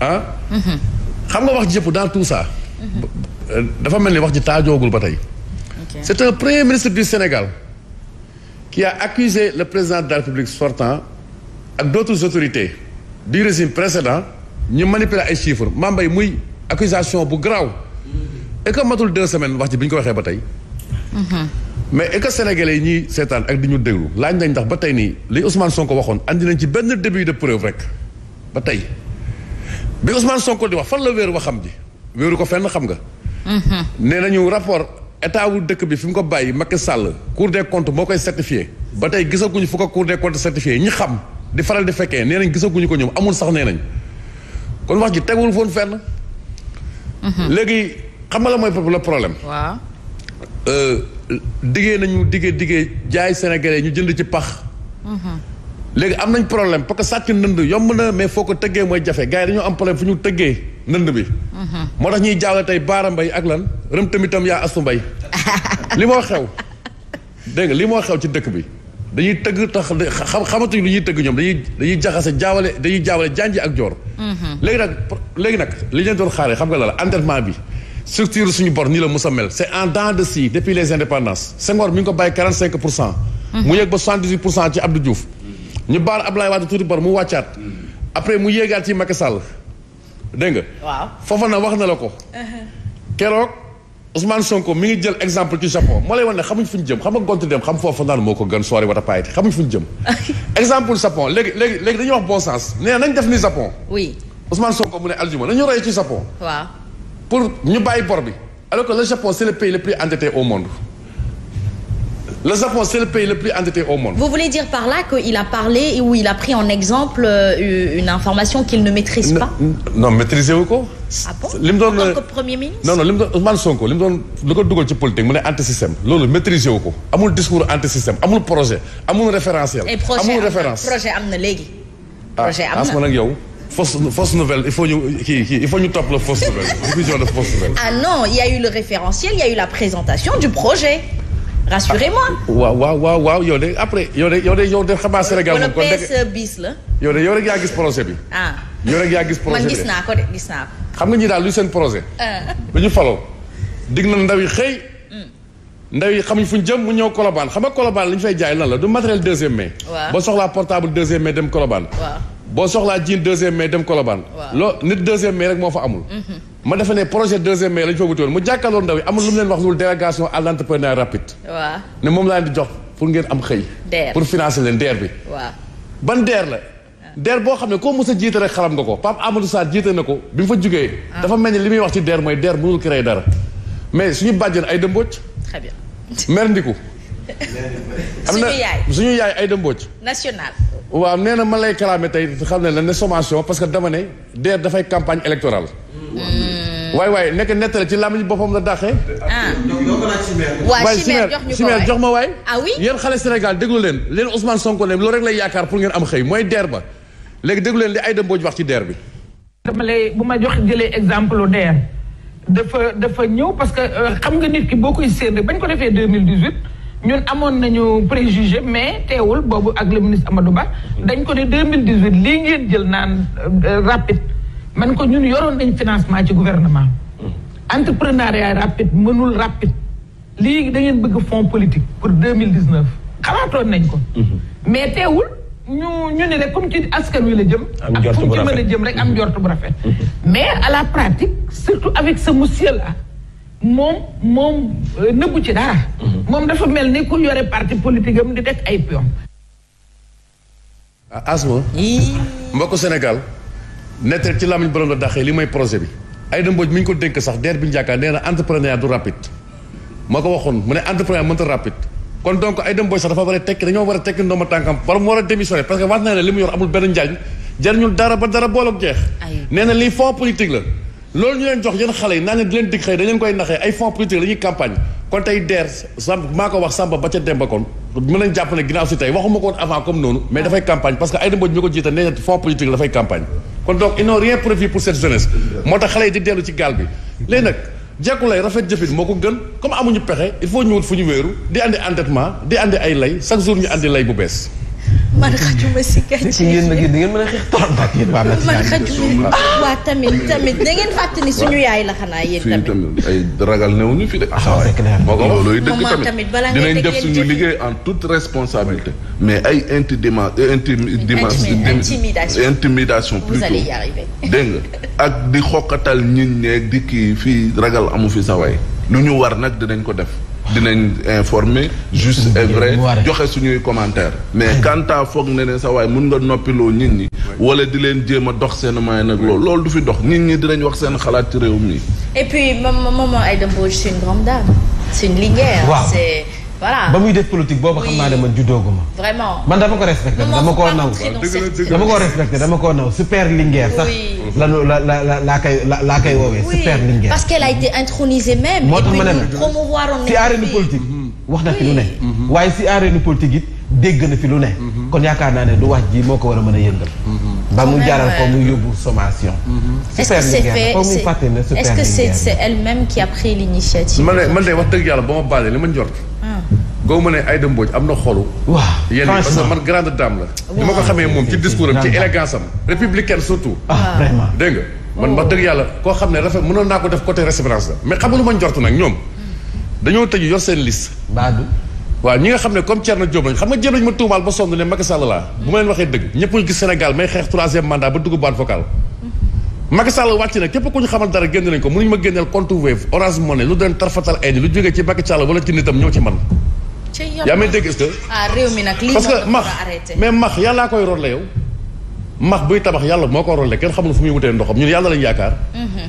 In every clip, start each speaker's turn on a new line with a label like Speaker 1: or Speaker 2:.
Speaker 1: ah. xam nga wax jëpp dans tout ça. dafa mel ni wax ji taajoogul ba tey. c' est un premier ministre du Sénégal ki a accusé le président de la République sortant ak d' autorité autorités du régime précédent ñu manipuler ay chiffres yi muy accusation bu garaaw. et que matul deux semaines wax ji bi ñu ko waxee ba tey. mais est que sénégalais yi ñuy seetaan ak di ñu déglu laaj nañ ndax ba tey nii li Ousmane ko waxoon indi nañ ci benn début de preuve rek ba tey. bi Ousmane Sonko di wax fan la wéeru waxam ji wéeru ko fenn xam nga. nee nañu rapport état wu dëkk bi fi mu ko bàyyi Macky sàll cour de comptes moo koy certifié. ba tey gisaguñu fu ko cour des comptes certifié ñi xam di faral di fekkee nee nañ gisaguñu ko ñoom amul sax ne nañ kon wax ji tegul foon fenn. Mhm. léegi xam nga la mooy le problème. waaw. Euh, diggee nañu diggee diggee jaay Sénégalais ñu jënd ci pax. Mhm. léegi am nañ problème pour que sàcc ndënd yomb na mais foo ko tëggee mooy jafe gars yi dañoo am problème fu ñu tëggee ndënd bi. Mhm. moo tax ñuy jaawale tey Baara Mbay ak lan rëm tamitam yaa asu mbay li moo xew dégg nga li moo ci dëkk bi dañuy tëgg tax xam xamatuñ lu tëgg ñoom dañuy jaxase jaawale dañuy jaawale janji ak joor. Mhm. léegi nag léegi nag li ñu doon xaaree xam nga la la entraînement bi. structure suñu bor nii la musa mel c' est en dents de depuis les indépendances Senghor mi ñu baal Ablaye Wade tuuti par mu wàccaat. après mu yéegaat ci Macky Sall dégg nga. waaw foofa na wax na la ko. Uh-huh. keroog Ousmane Sonko mu ngi jël exemple ci Japon moo lay wan ne xamuñ fu ñu jëm xam nga gont xam foofu naan moo ko gën soori wata paayati xamuñ exemple Japon léegi léegi léegi dañuy wax bon sens nee nañ def ni Japon. oui Ousmane Sonko mu ne aljuma nañu roy ci Japon. waaw pour ñu bàyyi bor bi alors que le Japon c'est le pays le plus endetté au monde. Le Japon, c'est le pays le plus endetté au monde. Vous voulez dire par là qu'il a parlé ou il a pris en exemple euh, une information qu'il ne maîtrise pas Non, maîtrisez-vous quoi ah bon li mu doon comme premier ministre. non non li mu doon Ousmane Sonko li mu doon lu ko dugal ci politique mu ne anti système loolu maîtriser wu ko amul discours anti système amul projet amul référentiel. amul référence projet am na léegi. Ah, projet am na nag yow. fausse fausse nouvelle il faut ñu kii kii il faut ñu topp la fausse nouvelle. diffusion de fausse nouvelle. ah non il y a eu le référentiel il y a eu la présentation du projet. rassurez-moi. waaw waaw waaw yow de après yow de yow de yow de xamaa Sénégal moom. kon de biis la. yow de yow rek yaa gis projet bi. ah yow rek yaa gis projet bi man gis naa ko de gis naa ko. xam nga ñi daal lu seen projet. bu ah. ñu faloo dig na ndaw yi xëy. Mm. ndaw yi xamuñ fu jëm mu ñëw Colobane xam nga Colobane li ñu fay jaay lan la du matériel deuxième main. waaw boo soxlaa portable deuxième main dem Colobane. boo soxlaa jean deuxième main dem Colobane. waaw loo nit deuxième main rek moo fa amul. Mm-hmm. ma defe ne projet deuxième mai la ñu fa wuti woon mu jàkkaarloo ndaw yi amul lu mu leen wax loolu délégation à l' entrepreneur rapide. ne moom laa leen di jox pour ngeen am xëy. DER pour financer leen deer bi. waaw ban deer la. Ah. DER boo xam ne koo mës a jiite rek xaram nga ko Pape Amadou Sarr jiite na ko bi mu fa jugee. Ah. dafa mel ni li muy wax ci DER mooy deer mënul créer dara. mais suñu bàjjen ay dëmbooj. très bien mer ndiku. am na suñu yaay ay dëmbooj. national. waaw nee na ma lay kalaame tey xam ne la ne sommation parce que dama ne DER dafay campagne waay waaye nekk nettali ci làmmiñ boppam la dàqee. ah waaw Chimère jox ñu ko waay jox ma waay. ah oui yéen xale Sénégal déglu leen leen Ousmane Sonko ne loolu rek lay yaakaar pour ngeen am xëy mooy DER ba léegi déglu leen li Aïda Mbodj wax ci DER bi. dama lay bu ma jox jëlee exemple DER dafa dafa ñëw parce que euh, xam nga nit ki boo koy séen bañ ko defee deux mille dix huit ñun amoon nañu préjugé mais teewul boobu ak le ministre Amadou Ba dañ ko ne deux mille dix huit lii ngeen jël naan euh, rapide. man ko ñun yoroon nañ financement ci gouvernement mm. entrepreneuriat rapide mënul rapide léegi da ngeen bëgg fonds politique pour deux mille dix neuf xalaatoon nañ ko mm-hmm. mais teewul ñu ñu ne rek comme ci askan wi la jëm ak fu mu ci jëm rek am mm-hmm. njort bu rafet mm-hmm. mais à la pratique surtout avec ce monsieur là moom moom euh, nëbbu ci dara moom dafa mel ni ku yore parti politique am di def ay pion ah, asma mbokk Sénégal nettal ci làmmiñ borom la daxee li mooy projet bi Aïda Mbodj mi ñu ko dénk sax DER bi ñu jàkkaar entrepreneur du rapide moo ko waxoon mu ne entrepreneur mënta rapide kon donc Aïda Mbodj sax dafa a tekki dañoo war a tekki ndooma tànkam borom ne mu yor amul benn jàpp ne ginnaaw si tey waxuma ko woon avant comme noonu mais dafay campagne parce que Aïda Mbodj mi ko jiite nee fonds politique la dafay campagne kon donc ils n'ont rien prévu pour cette jeunesse moo tax xale yi di dellu ci gaal bi léegi nag jekku lay rafet jëfin moo ko gën comme amuñu pexe il faut ñu fu ñu wéeru di andi endettement di indi ay lay chaque jour ñu andi lay bu bees man xajuma si gàcce ci yéen nag yéen da ngeen mën a xeex trop man xajuma waa tamit tamit da ngeen fàttali suñu yaay la xanaa yéen tamit ay ragal newuñu fi de ah, dëgg tamit dinañ def suñu liggéey en toute responsabilité mais ay intidima eh, intimidation intimidation plutôt dégg nga ak di xoqatal ñit ñeeg di kii fii ragal amu fi saway lu ñu war nag dinañ ko def dinañ informer juste et vrai joxe suñuy commentaire mais quant à foog ne ne sa waay mun nga noppiloo nit ñi wala di leen jéem a dox seen may nag loolu loolu du fi dox nit ñi dinañ wax seen xalaat ci réew mi et puis maman Aïda Mbodj c'est une grande dame c'est une lignère voilà ba muy def politique boobu xam naa ne man juddooguma vraiment man dama ko respecté dama koo naw dama koo respecté dama koo naw super linguère sax lanu la la la laa koy la laa koy woowee super linguère parce qu'elle a été intronisée même moo ma ne si arène politique mhm. wax na fi lu ne mhm. waaye si arène politique it dégg na fi lu ne mhm. kon yaakaar naa ne du wax ji moo ko war a mën a yëngal ba mu jaaral ko mu yóbbu sommation super linguère na super linguère est-ce que c'est elle-même qui a pris l'initiative man de wax dëgg yàlla ba ma baale li ma njort goo ma ne ay Aïda Mbodj am na xolu. waaw yéen parce que man grande dame la. waaw ma ko xamee moom ci discours am ci élégance am. républicaine surtout. ah vraiment man wax dëgg yàlla koo xam ne rafet mënoon naa ko def côté récépissance la mais xamulu ñoom dañoo tëju yor xam ne comme Thierno xam nga jéem nañ ma tuumaal ba sonn ne Macky Sall laa bu ma leen waxee dëgg ñëpp ñu gis Sénégal may xeex troisième mandat ba dugg boîte vocale Macky Sall wàcc na képp ku ñu xamal dara génn nañ ko mënuñu ma génneel compte Wave Orange Money lu doon tarfatal ay ni lu jógee ci yaa may dégg est-ce que. ah réew mi nag lii parce que max mais max yàllaa koy rolle yow. max buy tabax yàlla moo ko rolle kenn xamul fu muy wutee ndoxam ñun yàlla lañu yaakaar. Mhm.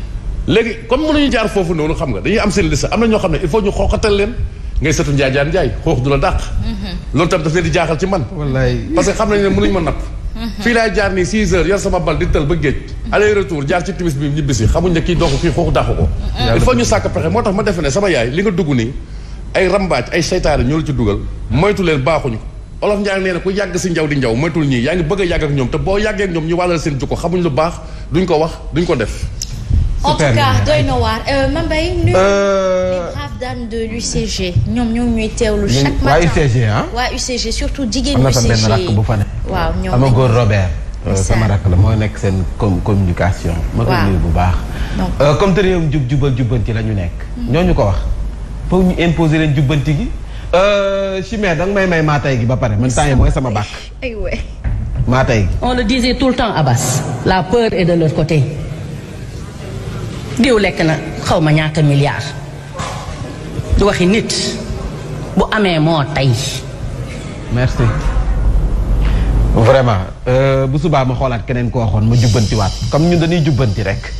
Speaker 1: léegi comme ñu jaar foofu noonu xam nga dañuy am seen liste am na ñoo xam ne il faut ñu xooqatal leen ngay setu njaajaan njaay xoox du la dàq. Mhm. loolu tam daf leen di jaaxal ci man. wallaay parce que xam nañ ne mënuñ ma napp. Mhm. fii laay jaar nii 6 heures yar sama bal di tël ba géej. aller retour jaar ci timis bi ñibbisi xamuñ ne kii doog fii xoox ko. il faut ñu sàkk moo tax ma defe sama yaay li nga dugg nii ay rambaaj ay seytaane ñoo la ci dugal moytu leen baaxuñu ko olof Ndiaye nee ku yàgg si njaw di njaw moytul ñii yaa ngi bëgg a yàgg te boo yàggee ak ñoom ñu wàllal seen jukko xamuñ lu baax duñ ko wax duñ ko def. en tout euh, euh, de l'UCG ñoom ñoo ñuy teewlu chaque matin ah? waa UCG surtout jigéen UCG am na fa bu fa ne. waaw ñoom Robert. Euh, sama rakk la moo nekk seen communication. ma ko nuyu bu baax. comme te réewum jub jubal jubbanti la ñu nekk. Hmm. ñooñu ko wax. pour ñu imposer leen jubbanti gi. Euh, Chimère da nga may may maa tay gi ba pare man temps yi mooy sama bàkk. aywa maa gi. on le disait tout le temps Abbas. la peur est de leur côté. diw lekk na xaw ma ñaata milliards. du waxi nit. bu amee moo tay. merci. vraiment euh, bu subaa ma xoolaat keneen koo waxoon ma jubbantiwaat comme ñun dañuy jubbanti rek.